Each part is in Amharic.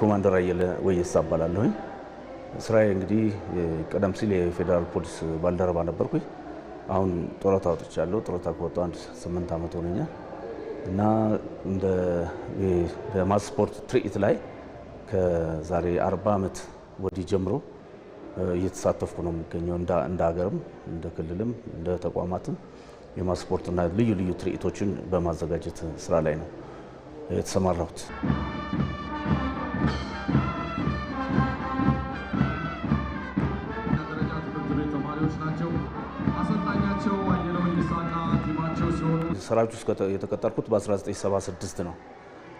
ኮማንደር አየለ ወየሳ እባላለሁኝ። ስራዬ እንግዲህ ቀደም ሲል የፌዴራል ፖሊስ ባልደረባ ነበርኩኝ። አሁን ጡረታ አውጥቻለሁ። ጡረታ ከወጣሁ አንድ ስምንት ዓመት ሆኖኛል እና በማስፖርት ትርኢት ላይ ከዛሬ አርባ ዓመት ወዲህ ጀምሮ እየተሳተፍኩ ነው የሚገኘው። እንደ ሀገርም እንደ ክልልም እንደ ተቋማትም የማስፖርትና ልዩ ልዩ ትርኢቶችን በማዘጋጀት ስራ ላይ ነው የተሰማራሁት። ሰራዊት ውስጥ የተቀጠርኩት በ1976 ነው።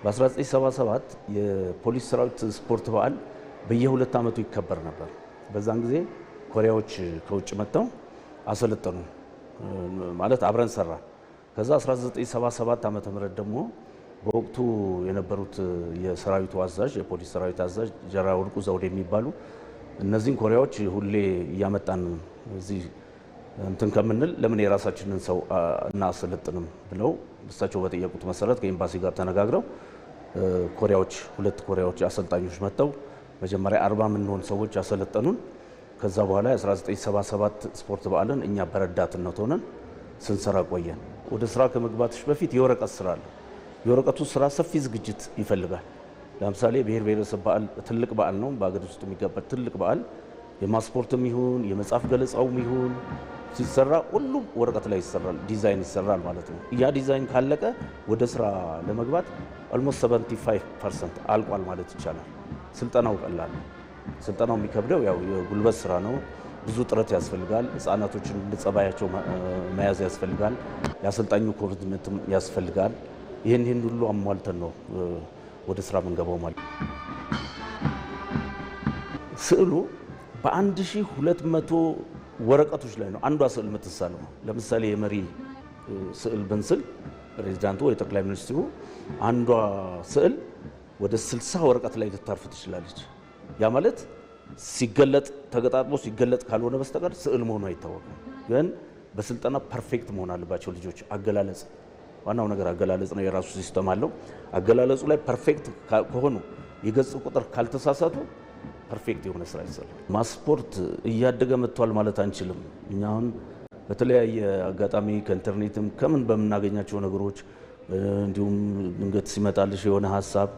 በ1977 የፖሊስ ሰራዊት ስፖርት በዓል በየሁለት ዓመቱ ይከበር ነበር። በዛን ጊዜ ኮሪያዎች ከውጭ መጥተው አሰለጠኑ ማለት አብረን ሰራ። ከዛ 1977 ዓ ም ደግሞ በወቅቱ የነበሩት የሰራዊቱ አዛዥ የፖሊስ ሰራዊት አዛዥ ጀራ ወርቁ ዘውድ የሚባሉ እነዚህን ኮሪያዎች ሁሌ እያመጣን እዚህ እንትን ከምንል ለምን የራሳችንን ሰው እናሰለጥንም ብለው እሳቸው በጠየቁት መሰረት ከኤምባሲ ጋር ተነጋግረው ኮሪያዎች ሁለት ኮሪያዎች አሰልጣኞች መጥተው መጀመሪያ አርባ የምንሆን ሰዎች ያሰለጠኑን። ከዛ በኋላ 1977 ስፖርት በዓልን እኛ በረዳትነት ሆነን ስንሰራ ቆየን። ወደ ስራ ከመግባትሽ በፊት የወረቀት ስራ አለ። የወረቀቱ ስራ ሰፊ ዝግጅት ይፈልጋል። ለምሳሌ ብሔር ብሔረሰብ በዓል ትልቅ በዓል ነው። በሀገር ውስጥ የሚገበር ትልቅ በዓል የማስፖርትም ይሁን የመጽሐፍ ገለጻውም ይሁን ሲሰራ ሁሉም ወረቀት ላይ ይሰራል፣ ዲዛይን ይሰራል ማለት ነው። ያ ዲዛይን ካለቀ ወደ ስራ ለመግባት ኦልሞስት 75 ፐርሰንት አልቋል ማለት ይቻላል። ስልጠናው ቀላል ነው። ስልጠናው የሚከብደው ያው የጉልበት ስራ ነው። ብዙ ጥረት ያስፈልጋል። ህጻናቶችን ጸባያቸው መያዝ ያስፈልጋል። የአሰልጣኙ ኮሚትመንትም ያስፈልጋል። ይህን ይህን ሁሉ አሟልተን ነው ወደ ስራ ምንገባው ማለት ስዕሉ በአንድ ሁለት መቶ ወረቀቶች ላይ ነው አንዷ ስዕል የምትሳለው። ለምሳሌ የመሪ ስዕል ብንስል ፕሬዚዳንቱ ወይ ጠቅላይ ሚኒስትሩ አንዷ ስዕል ወደ ስልሳ ወረቀት ላይ ልታርፍ ትችላለች። ያ ማለት ሲገለጥ ተገጣጥሞ ሲገለጥ ካልሆነ በስተቀር ስዕል መሆኑ አይታወቅም። ግን በስልጠና ፐርፌክት መሆን አለባቸው ልጆች። አገላለጽ ዋናው ነገር አገላለጽ ነው። የራሱ ሲስተም አለው። አገላለጹ ላይ ፐርፌክት ከሆኑ የገጽ ቁጥር ካልተሳሳቱ ፐርፌክት የሆነ ስራ ይሰራል። ማስፖርት እያደገ መጥቷል ማለት አንችልም። እኛ አሁን በተለያየ አጋጣሚ ከኢንተርኔትም ከምን በምናገኛቸው ነገሮች እንዲሁም ድንገት ሲመጣልሽ የሆነ ሀሳብ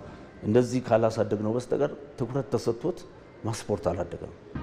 እንደዚህ ካላሳደግ ነው በስተቀር ትኩረት ተሰጥቶት ማስፖርት አላደገም።